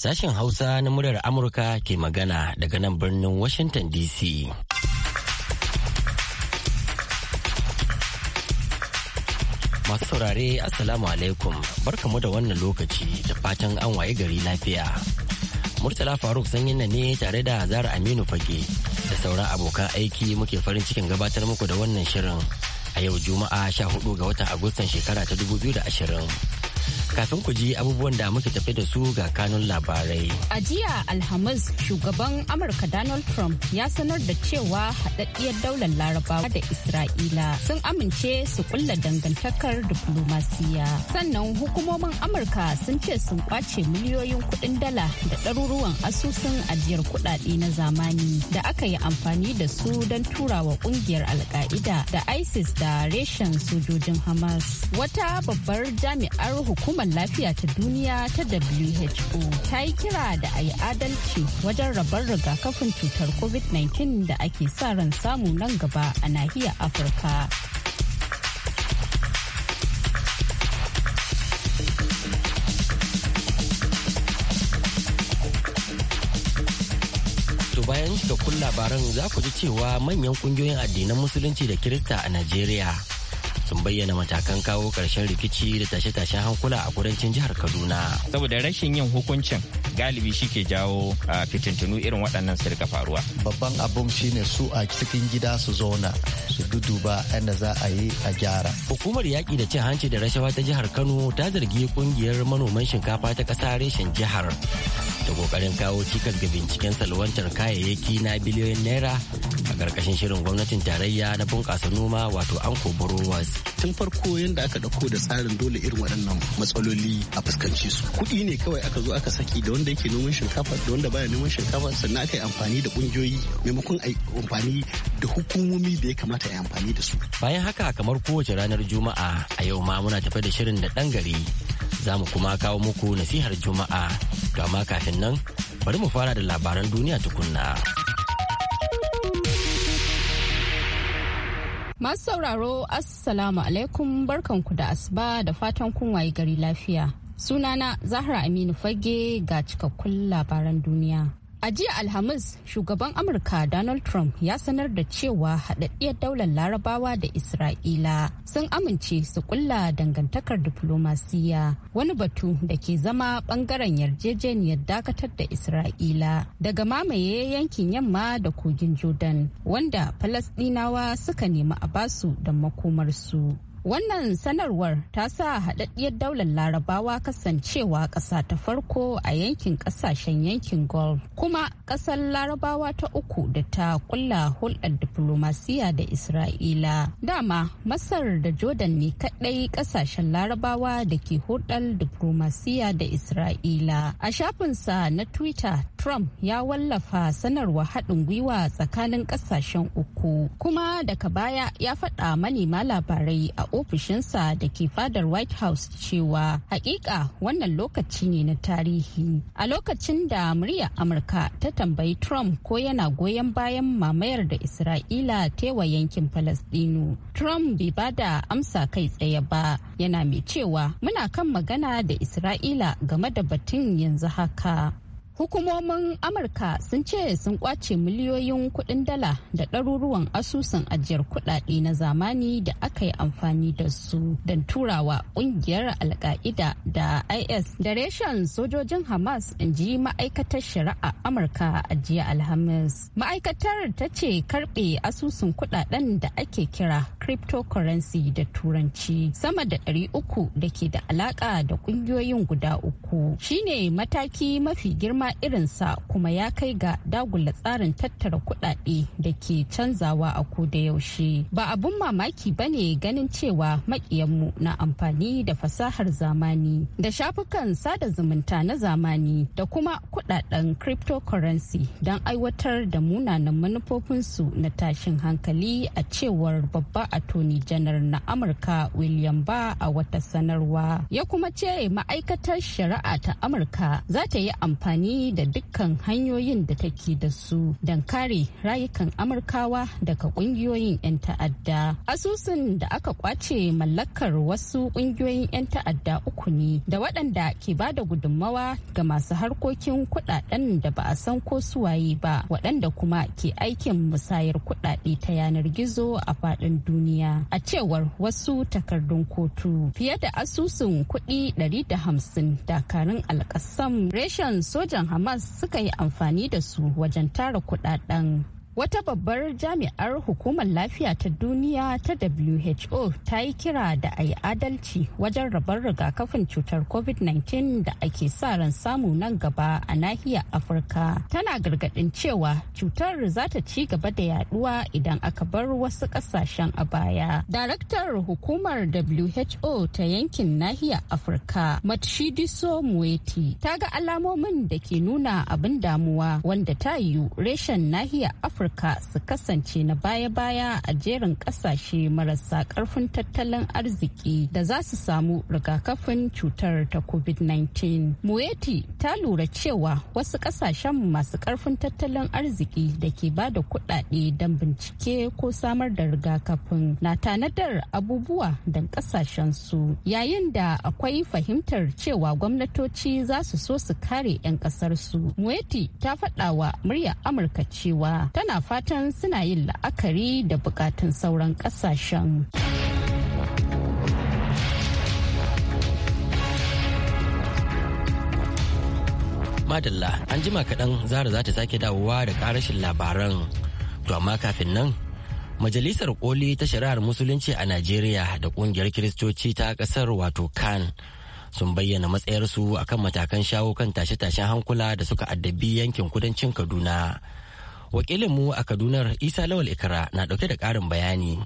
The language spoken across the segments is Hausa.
Sashen Hausa na muryar Amurka ke magana daga nan birnin Washington DC. Masu saurare Assalamu alaikum barkamu da wannan lokaci da fatan an waye gari lafiya. Murtala Faruk sanyin na ne tare da Zara Aminu Fage da sauran abokan aiki muke farin cikin gabatar muku da wannan shirin a yau Juma'a 14 ga watan Agustan shekara ta 2020. Kafin ku ji abubuwan da muke tafi da su ga kanun labarai. A jiya Alhamis shugaban Amurka Donald Trump ya sanar da cewa haɗaɗɗiyar daular Larabawa da Isra'ila sun amince su kulla dangantakar diplomasiya. Sannan hukumomin Amurka sun ce sun kwace miliyoyin kuɗin dala da ɗaruruwan asusun ajiyar kuɗaɗe na zamani da aka yi amfani da su don turawa ƙungiyar alƙa'ida da ISIS da reshen sojojin Hamas. Wata babbar jami'ar hukumar hukumar lafiya ta duniya ta WHO ta yi kira da a yi adalci wajen rabar rigakafin cutar COVID-19 da ake sa ran samu nan gaba a nahiyar Afirka. bayan cikakkun labaran za ku ji cewa manyan kungiyoyin addinan musulunci da kirista a Najeriya sun bayyana matakan kawo ƙarshen rikici da tashe-tashen hankula a kudancin jihar Kaduna. Saboda rashin yin hukuncin galibi shi ke jawo fitintunu irin waɗannan su rika faruwa. Babban abun shine su a cikin gida su zauna su duduba yadda za a yi a gyara. Hukumar yaƙi da cin hanci da rashawa ta jihar Kano ta zargi ƙungiyar manoman shinkafa ta ƙasa reshen jihar da kokarin kawo cikas ga binciken salwantar kayayyaki na biliyoyin naira a karkashin shirin gwamnatin tarayya na bunƙasa noma wato anko borowas tun farko yadda aka dauko da tsarin dole irin waɗannan matsaloli a fuskanci su kuɗi ne kawai aka zo aka saki da wanda yake noman shinkafa da wanda baya noman shinkafa sannan aka yi amfani da ƙungiyoyi maimakon a amfani da hukumomi da ya kamata a yi amfani da su bayan haka kamar kowace ranar juma'a a yau ma muna tafe da shirin da ɗan gari za mu kuma kawo muku nasihar juma'a to amma kafin nan bari mu fara da labaran duniya tukunna. Masu sauraro Assalamu alaikum barkanku da asuba da fatan kun waye gari lafiya. Sunana Zahra Aminu Fage ga cikakkun labaran duniya. A jiya Alhamis, shugaban Amurka Donald Trump ya sanar da cewa haɗaɗɗiyar daular larabawa da Isra'ila sun amince su kulla dangantakar diflomasiya wani batu da ke zama ɓangaren yarjejeniyar dakatar da Isra'ila daga mamaye yankin yamma da kogin Jordan wanda Falasɗinawa suka nemi a basu da makomarsu. Wannan sanarwar ta sa haɗaɗɗiyar daular larabawa kasancewa ƙasa ta farko a yankin ƙasashen yankin Gulf kuma ƙasar larabawa ta uku da ta kulla hulɗar diplomasiya da Isra'ila. Dama Masar da Jordan ne kaɗai ƙasashen larabawa da ke hulɗar diplomasiya da Isra'ila. A shafinsa na Twitter, Trump ya wallafa sanarwa haɗin gwiwa tsakanin ƙasashen uku kuma daga baya ya faɗa manema labarai a ofishinsa da ke fadar White House cewa hakika wannan lokaci ne na tarihi. A lokacin da muryar Amurka ta tambayi Trump ko yana goyon bayan mamayar da Isra'ila tewa yankin Falasdinu. Trump bai ba da amsa kai tsaye ba yana mai cewa muna kan magana da Isra'ila game da batun yanzu haka. Hukumomin Amurka sun ce sun kwace miliyoyin kuɗin dala da ɗaruruwan asusun ajiyar kuɗaɗe na zamani da aka yi amfani da su don turawa ƙungiyar alƙa'ida da IS da reshen sojojin Hamas in ji ma'aikatar shari'a Amurka a jiya Alhamis. Ma'aikatar ta ce karɓe asusun kuɗaɗen da ake kira cryptocurrency da turanci sama da ɗari uku da ke da alaƙa da ƙungiyoyin guda uku. Shine mataki mafi girma irinsa kuma ya kai ga dagula tsarin tattara kudade da ke canzawa a ko da yaushe ba abun mamaki ba ne ganin cewa makiyanmu na amfani da fasahar zamani da shafukan sada zumunta na zamani da kuma kudaden cryptocurrency don aiwatar da munanan manufofinsu na tashin hankali a cewar babba a attorney janar na amurka william ba a wata sanarwa ya kuma ce ma'aikatar shari'a ta amurka za ta yi amfani amfani da dukkan hanyoyin da take da su don kare rayukan amurkawa daga kungiyoyin 'yan ta'adda asusun da aka kwace mallakar wasu kungiyoyin 'yan ta'adda uku ne da waɗanda ke ba da gudummawa ga masu harkokin kuɗaɗen da ba a san ko suwaye ba waɗanda kuma ke aikin musayar kuɗaɗe ta yanar gizo a faɗin duniya a cewar wasu takardun kotu fiye da asusun kuɗi 150 dakarun alƙasam reshen sojan ɓangaren hamas suka yi amfani da su wajen tara kudaden Wata babbar jami'ar hukumar lafiya ta duniya ta WHO ta yi kira da a yi adalci wajen rabar rigakafin cutar COVID-19 da ake sa ran samu nan gaba a nahiyar Afirka. Tana gargaɗin cewa cutar za ta ci gaba da yaduwa idan aka bar wasu ƙasashen a baya. Daraktar hukumar WHO ta yankin nahiyar Afirka, Matshidiso Mueti, ta ga alamomin da ke nuna abin damuwa wanda ta yiwu reshen nahiyar Afirka Amurka su kasance na baya-baya a jerin kasashe marasa karfin tattalin arziki da za su samu rigakafin cutar ta COVID-19. Mueti ta lura cewa wasu kasashen masu karfin tattalin arziki da ke ba da kuɗaɗe don bincike ko samar da rigakafin na tanadar abubuwa don su yayin da akwai fahimtar cewa gwamnatoci za su so su kare 'yan ƙasarsu. Mueti ta faɗa wa murya Amurka cewa tana fatan suna yin la'akari da bukatun sauran kasashen. madalla an jima kaɗan zara za ta sake dawowa da ƙarashin labaran to amma kafin nan majalisar koli ta shari'ar musulunci a najeriya da ƙungiyar kiristoci ta ƙasar wato kan sun bayyana matsayarsu akan matakan shawo kan tashe-tashen hankula da suka addabi yankin kudancin kaduna wakilinmu a kadunar isa lawal Ikara na dauke da karin bayani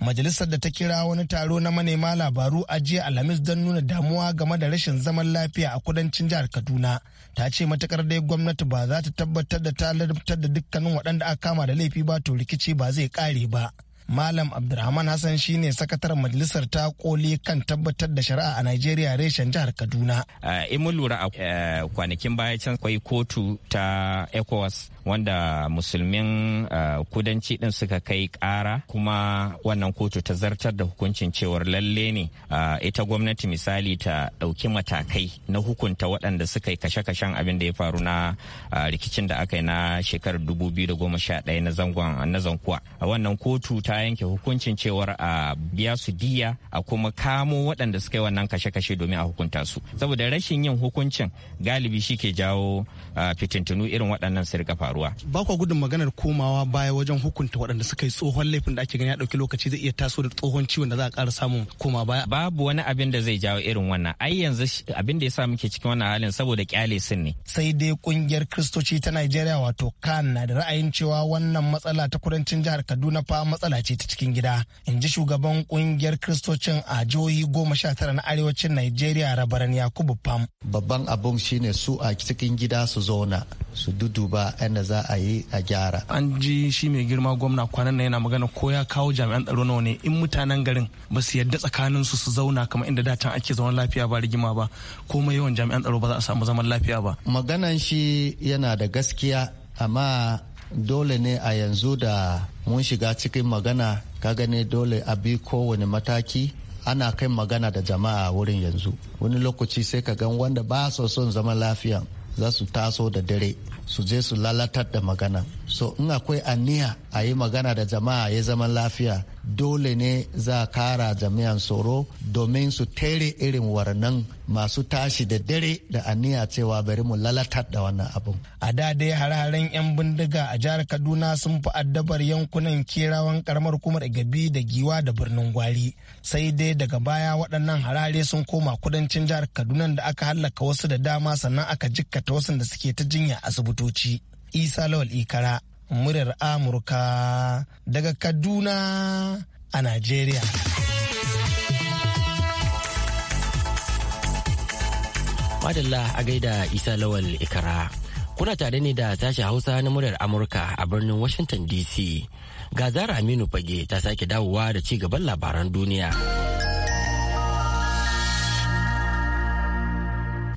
Majalisar da ta kira wani taro na manema labaru a jiya Alhamis don nuna damuwa game da rashin zaman lafiya a kudancin jihar Kaduna ta ce matakar dai gwamnati ba za ta tabbatar da ta da dukkanin waɗanda aka kama da laifi ba to rikici ba zai kare ba. Malam Abdulrahman Hassan shine sakataren majalisar ta koli kan tabbatar da shari'a a Najeriya reshen jihar Kaduna. Eh, in mun lura a eh, kwanakin baya can akwai kotu ta ECOWAS wanda musulmin uh, kudanci din suka kai kara. kuma wannan kotu ta zartar da hukuncin cewar lalle ne uh, ita gwamnati misali ta ɗauki matakai na hukunta waɗanda suka yi kashe-kashen abin da ya faru na uh, rikicin da aka yi na shekarar 2011 na na zankuwa wannan kotu ta yanke hukuncin cewar a biya su diya a kuma kamo waɗanda suka yi wannan kashe-kashe domin a hukunta su saboda rashin yin hukuncin galibi shi ke jawo fitintunu irin waɗannan su rika faruwa ba gudun maganar komawa baya wajen hukunta waɗanda suka yi tsohon laifin da ake gani ya ɗauki lokaci zai iya taso da tsohon ciwon da za a ƙara samun koma baya babu wani abin da zai jawo irin wannan ai yanzu abin da ya sa muke cikin wannan halin saboda kyale sun ne sai dai kungiyar kristoci ta Najeriya wato kan na da ra'ayin cewa wannan matsala ta kudancin jihar Kaduna fa matsala ce ta cikin gida in ji shugaban kungiyar kristocin a jihohi goma sha tara na arewacin Najeriya rabaran Yakubu Pam babban abun shine su a cikin gida su zauna su duduba yan da za a yi a gyara an ji shi mai girma gwamna kwanan na yana magana ko ya kawo jami'an tsaro nawa ne in mutanen garin ba su yadda tsakanin su su zauna kamar inda da can ake zaman lafiya ba rigima ba ko mai yawan jami'an tsaro ba za a samu zaman lafiya ba maganan shi yana da gaskiya amma dole ne a yanzu da mun shiga cikin magana ka gani dole a bi kowane mataki ana kai magana da jama'a wurin yanzu wani lokaci sai ka gan wanda ba su son zaman lafiya za su taso da dare su je su lalatar da magana so in akwai aniya a yi magana da jama'a ya zama lafiya dole ne za a kara jami'an tsoro domin su tere irin warnan masu tashi da dare da aniya cewa bari mu lalatar da wannan abin. A da dai hare 'yan bindiga a jihar Kaduna sun fi addabar yankunan kerawan karamar kumar gabi da giwa da birnin gwari. Sai dai daga baya waɗannan harare sun koma kudancin jihar Kaduna da aka hallaka wasu da dama sannan aka jikkata wasu da suke ta jinya asibiti. motoci isa lawal ikara muryar amurka daga kaduna a najeriya madalla a gaida isa lawal ikara kuna tare ne da sashi hausa na muryar amurka a birnin washington dc ga zara aminu fage ta sake dawowa da ci gaban labaran duniya.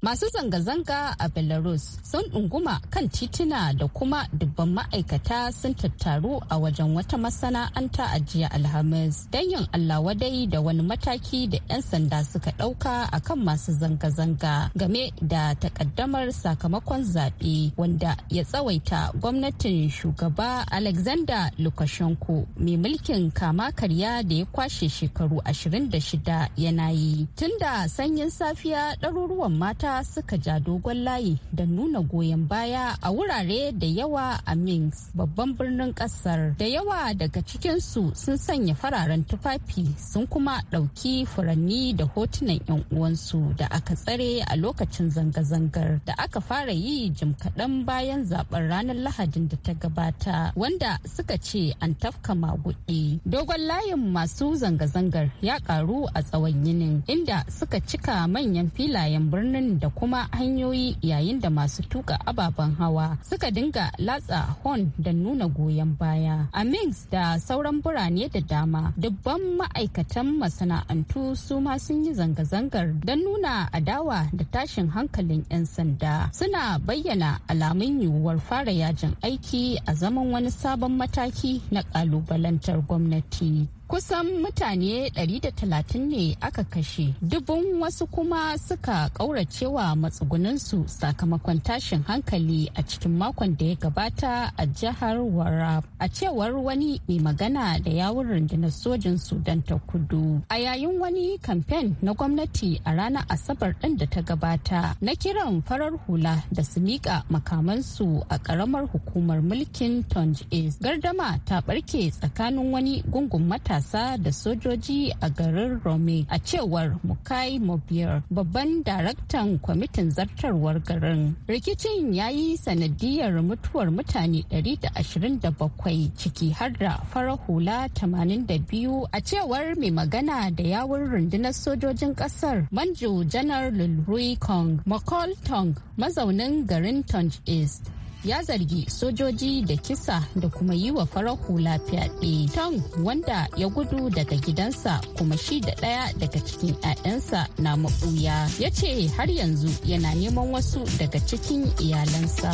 Masu zanga-zanga a Belarus sun ɗunguma kan tituna da kuma dubban ma'aikata sun tattaru a wajen wata masana'anta a jiya Alhamis don yin Allah wadai da wani mataki da 'yan sanda suka ɗauka a kan masu zanga-zanga game da takaddamar sakamakon zaɓe wanda ya tsawaita gwamnatin shugaba Alexander Lukashenko mai mulkin kama karya da ya kwashe shekaru 26 yana yi. Tun da sanyin safiya ɗaruruwan mata suka ja dogon layi da nuna goyon baya a wurare da yawa a Minsk babban birnin kasar. Da yawa daga cikinsu sun sanya fararen tufafi sun kuma ɗauki furanni da hotunan 'yan uwansu da aka tsare a lokacin zanga-zangar da aka fara yi jim kaɗan bayan zaben ranar Lahadin da ta gabata wanda suka ce an tafka maguɗi. Dogon layin masu zanga-zangar ya ƙaru a tsawon yinin inda suka cika manyan filayen birnin da kuma hanyoyi yayin da masu tuka ababen hawa suka dinga latsa horn da nuna goyon baya. A Minsk da sauran birane da dama, dubban ma'aikatan masana'antu su ma sun yi zanga-zangar don nuna adawa da tashin hankalin 'yan sanda. Suna bayyana alamun yiwuwar fara yajin aiki a zaman wani sabon mataki na ƙalubalantar gwamnati. kusan mutane 130 ne aka kashe dubun wasu kuma suka kauracewa matsugunansu sakamakon tashin hankali a cikin makon da ya gabata a jihar warab a cewar wani mai magana da yawun rundunar sojin sudan ta kudu a yayin wani kamfen na gwamnati a ranar asabar din da ta gabata na kiran farar hula da su miƙa makamansu a ƙaramar hukumar mulkin tonj gardama ta ɓarke tsakanin wani gungun mata matasa da sojoji a garin Rome a cewar Mukai Mobier, babban daraktan kwamitin zartarwar garin. Rikicin ya yi sanadiyar mutuwar mutane 127 ciki har da fara hula 82 a cewar mai magana da yawun rundunar sojojin kasar Manju Janar Lulrui Kong Makol Tong mazaunin garin Tonj East. ya zargi sojoji da kisa da kuma yi wa farar hula fyaɗe wanda ya gudu daga gidansa kuma shi da ɗaya daga cikin 'ya'yansa na maɓuya ya ce har yanzu yana neman wasu daga cikin iyalansa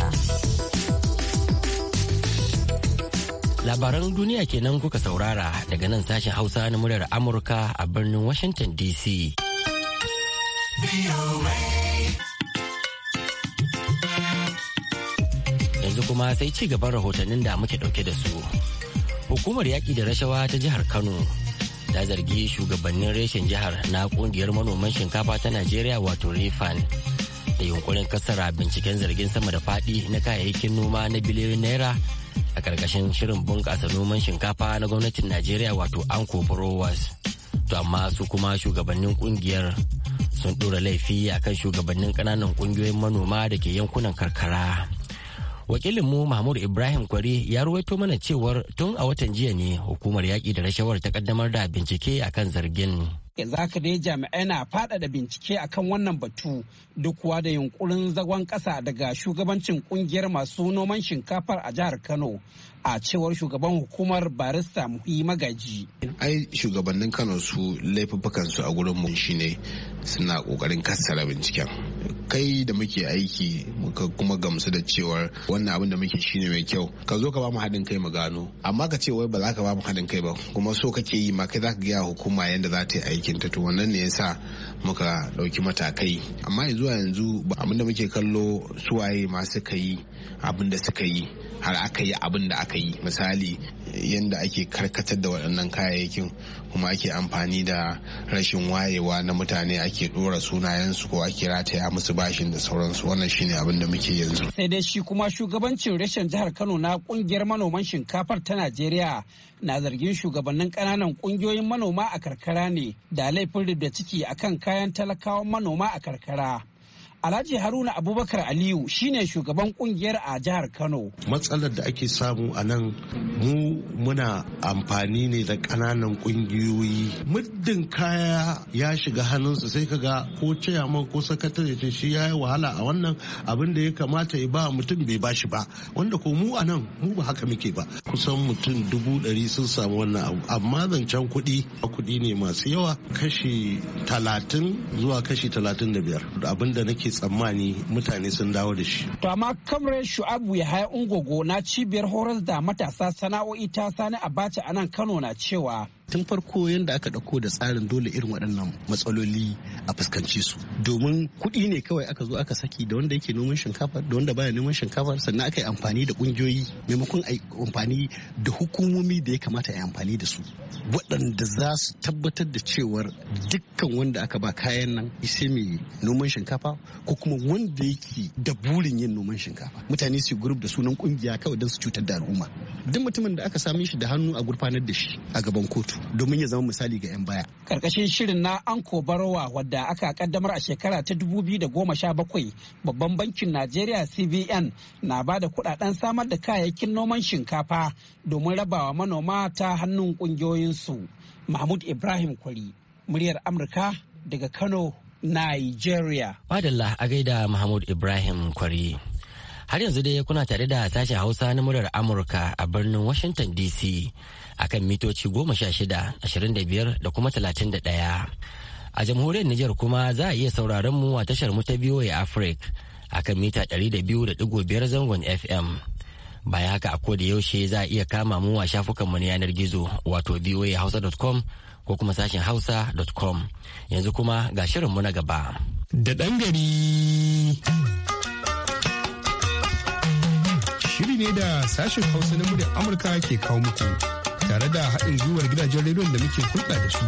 labaran duniya kenan kuka saurara daga nan sashen hausa na muryar amurka a birnin washington dc yanzu kuma sai ci gaban rahotannin da muke dauke da su. Hukumar yaƙi da rashawa ta jihar Kano ta zargi shugabannin reshen jihar na ƙungiyar manoman shinkafa ta Najeriya wato Refan da yunkurin kasara binciken zargin sama da faɗi na kayayyakin noma na biliyoyin naira a ƙarƙashin shirin bunƙasa noman shinkafa na gwamnatin Najeriya wato Anko Brewers. To amma su kuma shugabannin kungiyar sun ɗora laifi akan shugabannin ƙananan ƙungiyoyin manoma da ke yankunan karkara. wakilinmu mahmud ibrahim kwari ya ruwaito mana cewar tun a watan jiya ne hukumar yaƙi da rashawar ta kaddamar da bincike akan zargin za ka dai jami'ai na faɗaɗa bincike akan wannan batu duk kuwa da yunkurin zagon ƙasa daga shugabancin ƙungiyar masu noman shinkafar a jihar kano a cewar shugaban hukumar barista muhi magaji. ai shugabannin kano su laifuffukan su a gurin mu shine suna kokarin kassara binciken kai da muke aiki muka kuma gamsu da cewar wannan abin da muke shine mai kyau ka zo ka ba mu haɗin kai mu gano amma ka ce wai ba za ka ba mu haɗin kai ba kuma so kake yi ma kai za ka gaya hukuma yadda za ta yi aikin ta to wannan ne yasa muka ɗauki matakai amma zuwa yanzu abinda muke kallo suwaye ma suka yi abinda suka yi har aka yi abinda aka yi misali yadda ake karkatar da waɗannan kayayyakin kuma ake amfani da rashin wayewa na mutane ake dora sunayensu ko ake rataya musu bashin da sauransu wannan shine abin da muke yanzu sai dai shi kuma shugabancin rashin jihar kano na kungiyar manoman shinkafar ta najeriya na zargin shugabannin kananan kungiyoyin manoma a karkara ne da laifin rubda ciki akan kayan talakawan manoma a karkara Alhaji Haruna Abubakar Aliyu shine shugaban kungiyar a jihar Kano. Matsalar da ake samu a nan mu muna amfani ne da kananan kungiyoyi. Muddin kaya ya shiga hannunsa sai ka ga ko ciyaman ko sakatare ce shi ya yi wahala a wannan abin da ya kamata ya ba mutum bai bashi ba. Wanda ko mu a nan mu ba haka muke ba. Kusan mutum dubu ɗari sun samu wannan abu. Amma zancen kuɗi kuɗi ne masu yawa kashi talatin zuwa kashi talatin da biyar. Abin da nake ake tsammani mutane sun dawo da shi. To amma kamre Shu'abu Yahaya Ungogo na cibiyar horar da matasa sana'o'i ta Sani Abacha a nan Kano na cewa tun farko yadda aka ɗauko da tsarin dole irin waɗannan matsaloli a fuskanci su domin kuɗi ne kawai aka zo aka saki da wanda yake noman shinkafa da wanda baya noman shinkafa sannan aka yi amfani da ƙungiyoyi maimakon a amfani da hukumomi da ya kamata a yi amfani da su waɗanda za su tabbatar da cewar dukkan wanda aka ba kayan nan sai mai noman shinkafa ko kuma wanda yake da burin yin noman shinkafa mutane su gurub da sunan ƙungiya kawai don su cutar da al'umma duk mutumin da aka same shi da hannu a gurfanar da shi a gaban kotu domin ya zama misali ga 'yan baya. Karkashin shirin na Anko Barowa wadda aka kaddamar a shekara ta 2017 babban bankin Najeriya CBN na ba da kudaden samar da kayayyakin noman shinkafa domin rabawa manoma ta hannun kungiyoyinsu. Mahmud Ibrahim Kwari, muryar Amurka daga Kano, Nigeria. Madalla a gaida Mahmud Ibrahim Kwari. Har yanzu dai kuna tare da sashen Hausa na murar Amurka a birnin Washington DC akan mitoci goma sha shida, ashirin da kuma talatin ɗaya. A jamhuriyar Nijar kuma za a iya sauraron mu a tashar mu ta VOA Africa akan mita ɗari da biyu zangon FM. ya haka a koda yaushe za a iya kama mu a mu na yanar gizo wato voahausa.com ko kuma sashen hausa.com yanzu kuma ga shirin mu na gaba. Da ɗan ne da sashen hausa na muryar amurka ke kawo muku tare da haɗin gwiwar gidajen rediyon da muke hulɗa da su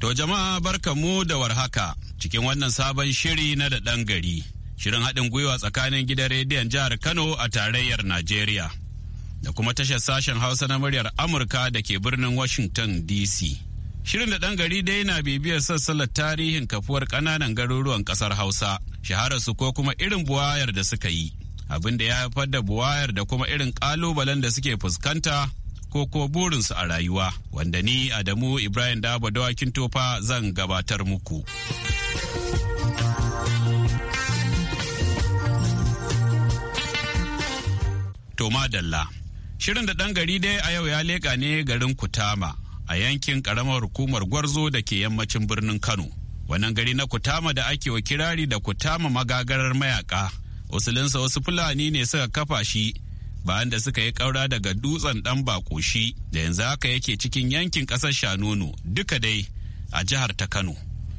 to jama'a barkamu da warhaka cikin wannan sabon shiri na da ɗan gari shirin haɗin gwiwa tsakanin gidan rediyon jihar kano a tarayyar najeriya da kuma tashar sashen hausa na muryar amurka da ke birnin washington dc shirin da ɗan gari dai na bibiyar sassalar tarihin kafuwar ƙananan garuruwan ƙasar hausa shahararsu ko kuma irin buwayar da suka yi abin da ya haifar da buwayar da kuma irin kalubalen da suke fuskanta ko ko burinsu a rayuwa wanda ni adamu ibrahim dabo dawakin tofa zan gabatar muku toma dalla shirin da ɗan gari dai a yau ya leƙa ne garin kutama a yankin ƙaramar hukumar gwarzo da ke yammacin birnin kano wannan gari na kutama da ake wa kirari da kutama magagarar mayaka usulinsa wasu fulani ne suka kafa shi bayan da suka yi ƙaura daga dutsen ɗan bakoshi da yanzu haka yake cikin yankin ƙasar shanono duka dai a jihar ta kano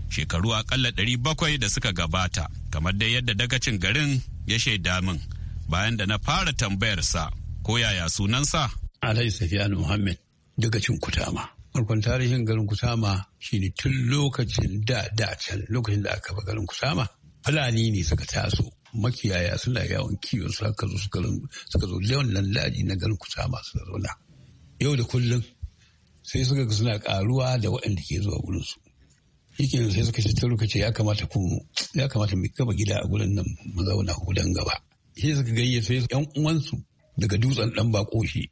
shekaru akalla ɗari bakwai da suka gabata kamar dai yadda dagacin garin ya shaida min bayan da na fara tambayarsa ko yaya sunansa alhaji safiyanu muhammad dagacin kutama farkon tarihin garin kusama shine tun lokacin da da can lokacin da aka garin kusama fulani ne suka taso makiyaya suna yawon kiwo suka zo suka zo nan laji na garin kusama suka zauna yau da kullum sai suka ga suna karuwa da waɗanda ke zuwa gurin su yakin sai suka ce tun ce ya kamata ku ya kamata mu gaba gida a gurin nan mu zauna hudan gaba sai suka gayyace yan uwansu daga dutsen dan bako shi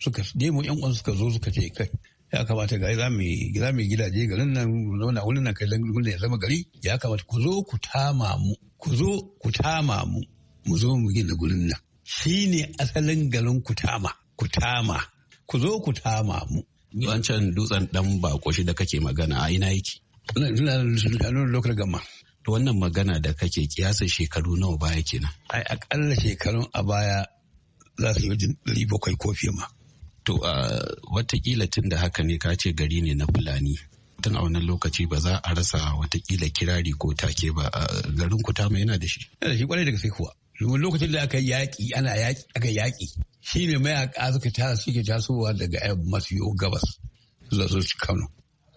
suka nemo yan uwansu suka zo suka ce kai ya kamata ga za mu za mu gidaje garin nan zauna wurin nan kai gurin ya zama gari ya kamata ku zo ku tama mu ku zo ku tama mu mu zo mu gina gurin nan shine asalin garin ku tama ku tama ku zo ku tama mu wancan dutsen dan bako shi da kake magana a ina yake ina lokar gama to wannan magana da kake kiyasa shekaru nawa baya kenan ai akalla shekarun a baya za su yi wajen ɗari ko fiye ma To watakila tun da haka ne ka ce gari ne na Fulani. Tun a wannan lokaci ba za a rasa watakila kirari ko take ba garin ku tama yana da shi. Yana da shi kwarai daga sai kuwa. Domin lokacin da aka yaƙi ana yaƙi aka yaƙi shi ne mayaƙa suka tara suke tasowa daga masu yau gabas zuwa su Kano.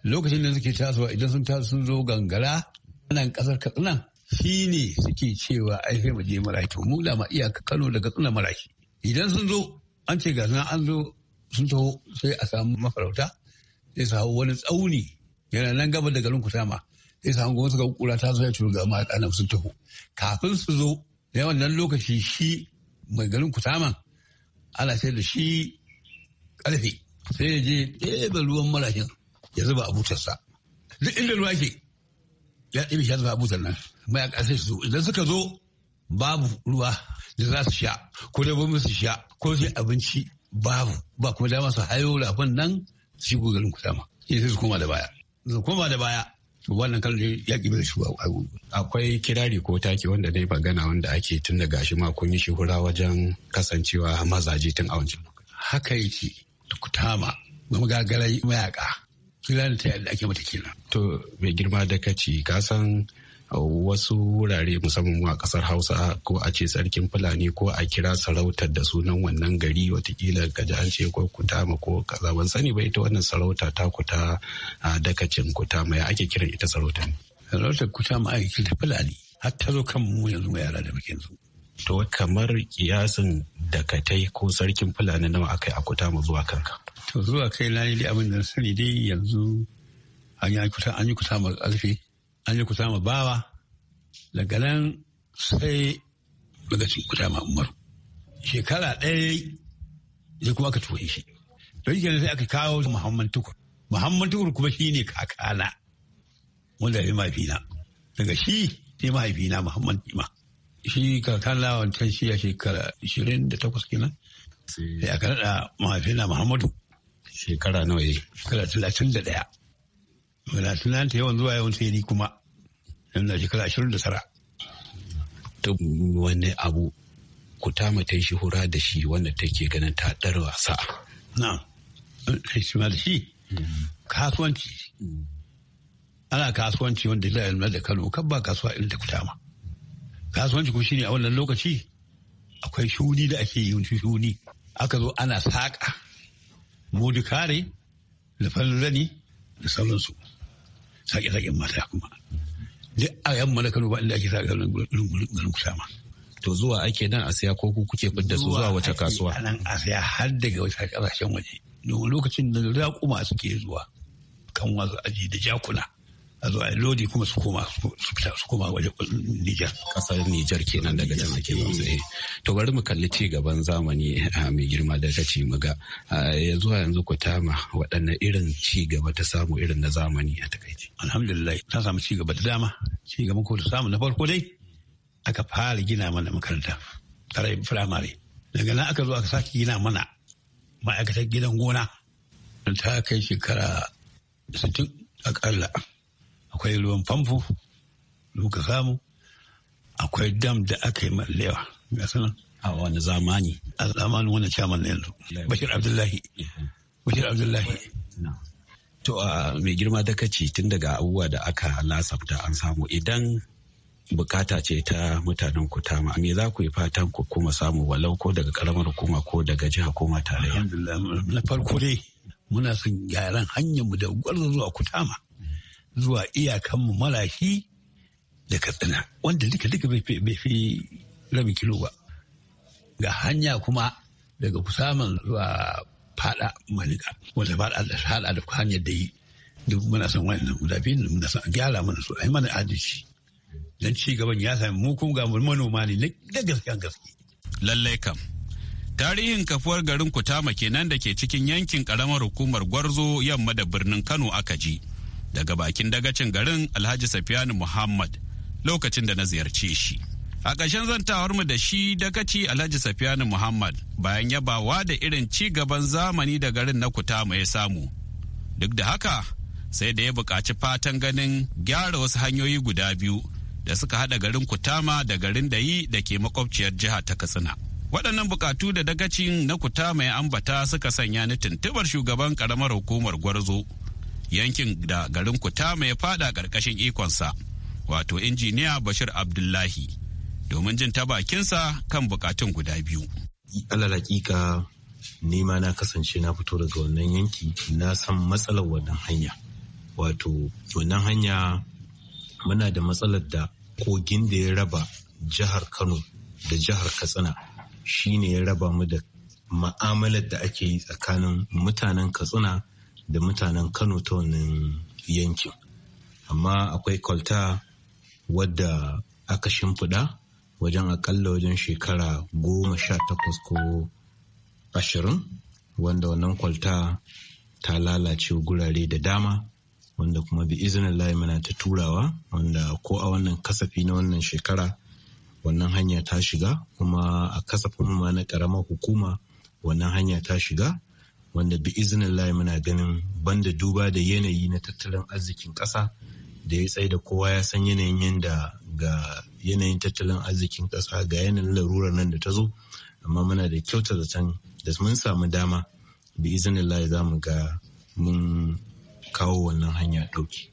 Lokacin da suke tasowa idan sun taso sun zo gangara nan ƙasar Katsina shi ne suke cewa ai sai mu je Maraki mu da iyaka Kano da Katsina Maraki. Idan sun zo an ce ga an zo sun taho sai a samu mafarauta sai su hau wani tsauni yana nan gaba da garin kutama sai su hango suka kura ta zo ya ciro ga ma'aɗanan sun taho kafin su zo da nan lokaci shi mai garin kutaman ana sai da shi karfe sai ya je ɗebe ruwan marashin ya zuba a butarsa duk inda ruwa ke ya ɗebe shi ya zuba a butar nan a sai su zo idan suka zo babu ruwa da za su sha ko da su sha ko sai abinci babu ba kuma dama su hayo abin nan su shigo garin kudama sai su koma da baya su koma da baya wannan kan ya kibe shi akwai kirari ko take wanda dai magana wanda ake tun da gashi ma kun yi shuhura wajen kasancewa mazaje tun a wancan haka yake kutama magagarai mayaka kirani ta yadda ake mata kenan to mai girma da kaci ka san a wasu wurare musamman a kasar hausa ko a ce sarkin fulani ko a kira sarautar da sunan wannan gari watakila gaji an ce ko kutama ko kaza ban sani ba ita wannan sarauta ta kuta a dakacin kutama ya ake kiran ita sarautar sarautar kutama ake kira fulani har ta zo kan mu yanzu mu yara da muke yanzu to kamar kiyasin dakatai ko sarkin fulani nawa akai a kutama zuwa kanka to zuwa kai na yi abin da sani dai yanzu an yi kuta an ƙarfe. ma an yi kusama bawa daga nan sai magacin kusama umaru shekara ɗaya ya kuma aka tuhe shi to shi sai aka kawo muhammad tukur muhammad tukur kuma shi ne kakana wanda ya mahaifina daga shi sai mahaifina muhammad ima shi kakana wancan shi ya shekara ishirin da takwas kenan sai aka naɗa mahaifina muhammadu shekara nawa ya shekara talatin da ɗaya sunan ta yawan zuwa yawan sai ni kuma. Nan na shekara ashirin da tara. Ta wani abu ku ta ta shi hura da shi wanda take ganin ta ɗar wasa. Na, eh, shi ma da shi kasuwanci. Ana kasuwanci wanda zai yana da Kano kan ba kasuwa irin ta kutama. Kasuwanci ko shine a wannan lokaci akwai shuni da ake yi wani shuni. Aka zo ana saƙa. Modi kare da fallani da sauransu. sake sake mata kuma duk a yamma na kano ba inda ake sake garin sama to zuwa ake nan a siya ko kuke fidda su zuwa wata kasuwa zuwa nan a siya har daga wata kasashen waje domin lokacin da raƙuma suke zuwa kan wasu aji da jakuna a zo lodi kuma su koma su fita su koma waje Nijar. Kasar Nijar kenan daga nan ake zaune. To bari mu kalli ci gaban zamani mai girma da ta ce muga ya zuwa yanzu ku tama waɗanne irin ci gaba ta samu irin na zamani a takaici. Alhamdulillah ta samu ci gaba da dama ci gaba ko ta samu na farko dai aka fara gina mana makaranta tare firamare daga nan aka zo aka sake gina mana ma'aikatar gidan gona ta kai shekara 60 akalla akwai ruwan famfo muka samu akwai dam da aka yi mallewa a wani zamani a zamanin wani chairman na yanzu bashir abdullahi bashir abdullahi to mai girma da kaci tun daga abubuwa da aka lasafta an samu idan bukata ce ta mutanen ku ta ma me za ku yi fatan ku kuma samu walau ko daga karamar hukuma ko daga jiha ko ma na farko dai muna son gyaran hanyar mu da gwarzo zuwa kutama zuwa iyakanmu malashi da katsina wanda duka duka bai fi rabin kilo ba ga hanya kuma daga kusaman zuwa fada malika wanda fada da hada da hanyar da yi duk muna son wani guda biyu muna san a gyara mana su ai mana adalci dan ci gaban ya sami mu kuma ga manoma ne na gaske gaske lallai kam tarihin kafuwar garin kutama kenan da ke cikin yankin karamar hukumar gwarzo yamma da birnin kano aka ji daga bakin dagacin garin alhaji safiyanu muhammad lokacin da na ziyarce shi a ƙarshen zantawar mu da shi dagaci alhaji safiyanu muhammad bayan ya bawa da irin ci gaban zamani da garin na kutama ya samu duk da haka sai da ya buƙaci fatan ganin gyara wasu hanyoyi guda biyu da suka haɗa garin kutama da garin dayi da ke makwabciyar jiha ta katsina waɗannan bukatu da dagacin na kuta ya ambata suka sanya ni tuntubar shugaban ƙaramar hukumar gwarzo yankin da garin kutama ya fada ƙarƙashin ikonsa wato injiniya bashir abdullahi domin jin ta bakinsa kan bukatun guda biyu alal na kasance na fito daga wannan yanki na san matsalar wannan hanya wato wannan hanya muna da matsalar da kogin da ya raba jihar kano da jihar katsina shine ya raba mu da ma'amalar da ake yi tsakanin mutanen katsina da mutanen kano ta wannan yankin amma akwai kwalta wadda aka shimfiɗa wajen akalla wajen shekara goma sha takwas ko ashirin wanda wannan kwalta ta lalace gurare da dama wanda kuma bi izinin layi muna ta turawa wanda ko a wannan kasafi na wannan shekara wannan hanya ta shiga kuma a kasafin ma na karamar hukuma wannan hanya ta shiga wanda bi izinin layi muna ganin banda duba da yanayi na tattalin arzikin ƙasa da ya tsaye da kowa ya san yanayin yanda ga yanayin tattalin arzikin ƙasa ga yanayin larurar nan da ta zo amma muna da kyauta can da mun samu dama bi izinin layi za mu ga mun kawo wannan hanya ɗauki.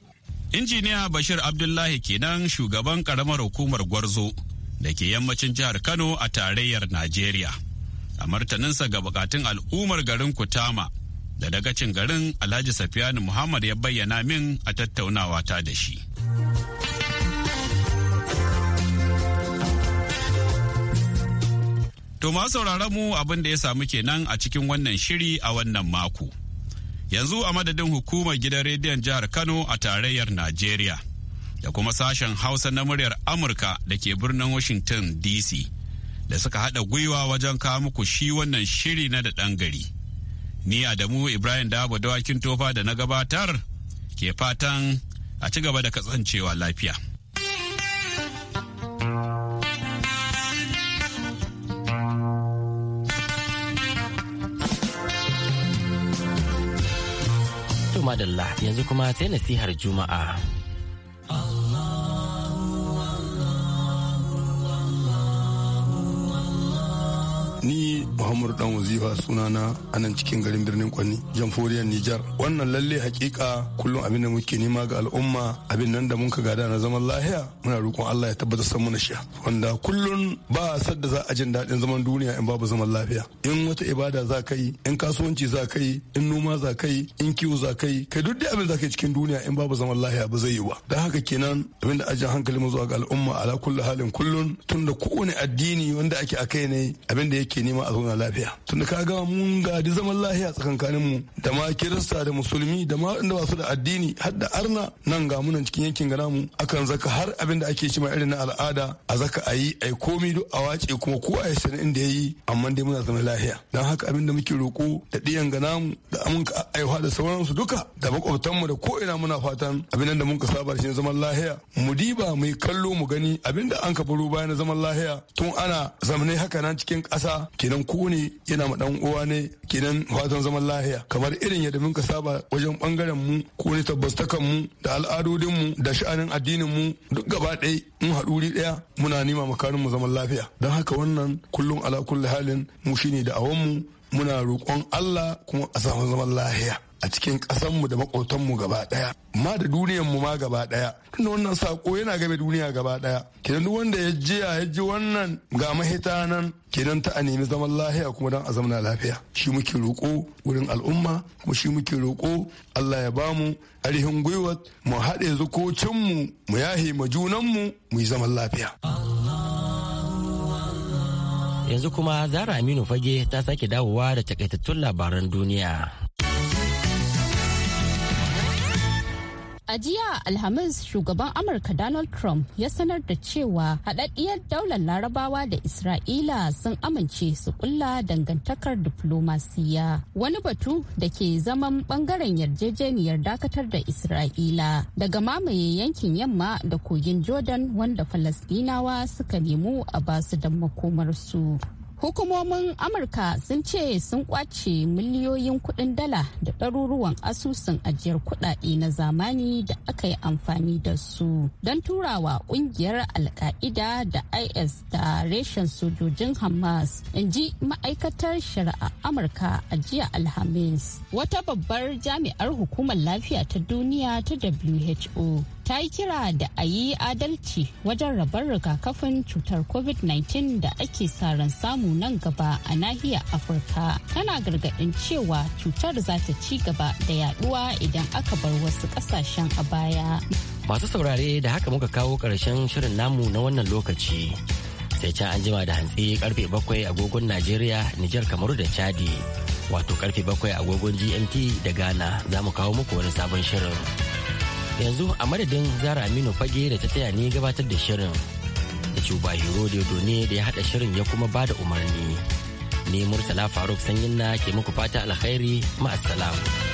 injiniya bashir abdullahi kenan shugaban ƙaramar hukumar gwarzo da ke yammacin jihar kano a tarayyar najeriya. a martaninsa ga bukatun al'ummar garin kutama da dagacin garin alhaji safiyanu muhammad ya bayyana min a tattaunawa ta da shi to ma sauraron mu abin da ya samu kenan a cikin wannan shiri a wannan mako yanzu a madadin hukumar gidan rediyon jihar kano a tarayyar najeriya da kuma sashen hausa na muryar amurka da ke birnin washington dc da suka haɗa gwiwa wajen kawo muku shi wannan shiri na da ɗan gari. Ni Adamu Ibrahim Dabo dawakin tofa da na gabatar ke fatan a ci gaba da kasancewa lafiya. madalla yanzu kuma sai nasihar juma'a Muhammad Muhammadu Dan Wazifa sunana a nan cikin garin birnin Kwanni, Jamhuriyar Nijar. Wannan lalle hakika kullum abin da muke nema ga al'umma abin nan da muka gada na zaman lahiya muna roƙon Allah ya tabbatar san mana shi. Wanda kullum ba sadda za a jin daɗin zaman duniya in babu zaman lafiya. In wata ibada za ka yi, in kasuwanci za ka yi, in noma za ka yi, in kiwo za ka yi, kai duk da abin za ka yi cikin duniya in babu zaman lahiya ba zai yi ba. da haka kenan abin da ajin hankali mu zuwa ga al'umma ala kullu halin kullum tunda kowane addini wanda ake a kai ne abin da yake nema a zauna lafiya tunda ka ga mun gadi zaman lahiya tsakankanin mu da ma kirista da musulmi da ma inda wasu da addini har da arna nan ga munan cikin yankin ga namu akan zaka har abin da ake cima irin na al'ada a zaka ayi ai komi duk a wace kuma kowa ya san inda yayi amma dai muna zaman lahiya dan haka abin da muke roko da diyan ga namu da amunka aiwa da sauransu duka da makwabtan mu da ko ina muna fatan abin da mun ka saba shi zaman lahiya mu diba mai kallo mu gani abin da an ka baro bayan zaman lahiya tun ana zamanai haka nan cikin ƙasa kenan ku ne yana ma dan uwa ne kenan fatan zaman lahiya kamar irin yadda muka saba wajen bangaren mu ko ne tabbastakan mu da al'adodin mu da sha'anin addinin mu duk gaba ɗaya mun haɗuri ɗaya muna nima makarin mu zaman lafiya don haka wannan kullum ala kulli halin mu shine da awon mu muna roƙon Allah kuma a samu zaman lahiya a cikin ƙasanmu da maƙotanmu gaba ɗaya ma da duniyanmu ma gaba ɗaya tunda wannan sako yana game duniya gaba ɗaya kenan wanda ya je ya ji wannan ga mahita nan kenan ta a nemi zaman lafiya kuma don a zamana lafiya shi muke roƙo wurin al'umma kuma shi muke roƙo Allah ya bamu arihin gwiwa mu haɗe zukocinmu mu yahe ma junanmu mu yi zaman lafiya. Yanzu kuma Zara Aminu Fage ta sake dawowa da takaitattun labaran duniya. A jiya Alhamis shugaban Amurka Donald Trump ya sanar da cewa haɗaɗɗiyar daular larabawa da Isra'ila sun amince su kulla dangantakar diflomasiya wani batu da ke zaman bangaren yarjejeniyar dakatar da Isra'ila daga mamaye yankin yamma da kogin Jordan wanda Falasɗinawa suka nemo a basu da makomarsu. Hukumomin Amurka sun ce sun kwace miliyoyin kuɗin dala da ɗaruruwan asusun ajiyar kuɗaɗe na zamani da aka yi amfani da su don turawa ƙungiyar alka'ida da IS da reshen sojojin Hamas, in ji ma'aikatar shari'a Amurka a jiya Alhamis. Wata babbar jami'ar hukumar lafiya ta duniya ta WHO ta yi kira da a yi adalci wajen rabar rigakafin cutar covid-19 da ake sa ran samu nan gaba a nahiyar afirka tana gargaɗin cewa cutar za ta ci gaba da yaduwa idan aka bar wasu ƙasashen a baya masu saurare da haka muka kawo ƙarshen shirin namu na wannan lokaci sai can an jima da hantsi karfe bakwai agogon najeriya niger kamaru da chadi wato karfe bakwai agogon gmt da ghana za mu kawo muku wani sabon shirin yanzu a madadin zara aminu fage da ta taya ni gabatar da shirin da cuba hero da ne da ya haɗa shirin ya kuma ba da umarni ne murtala faruk sanyin na ke muku fata alkhairi ma'assalamu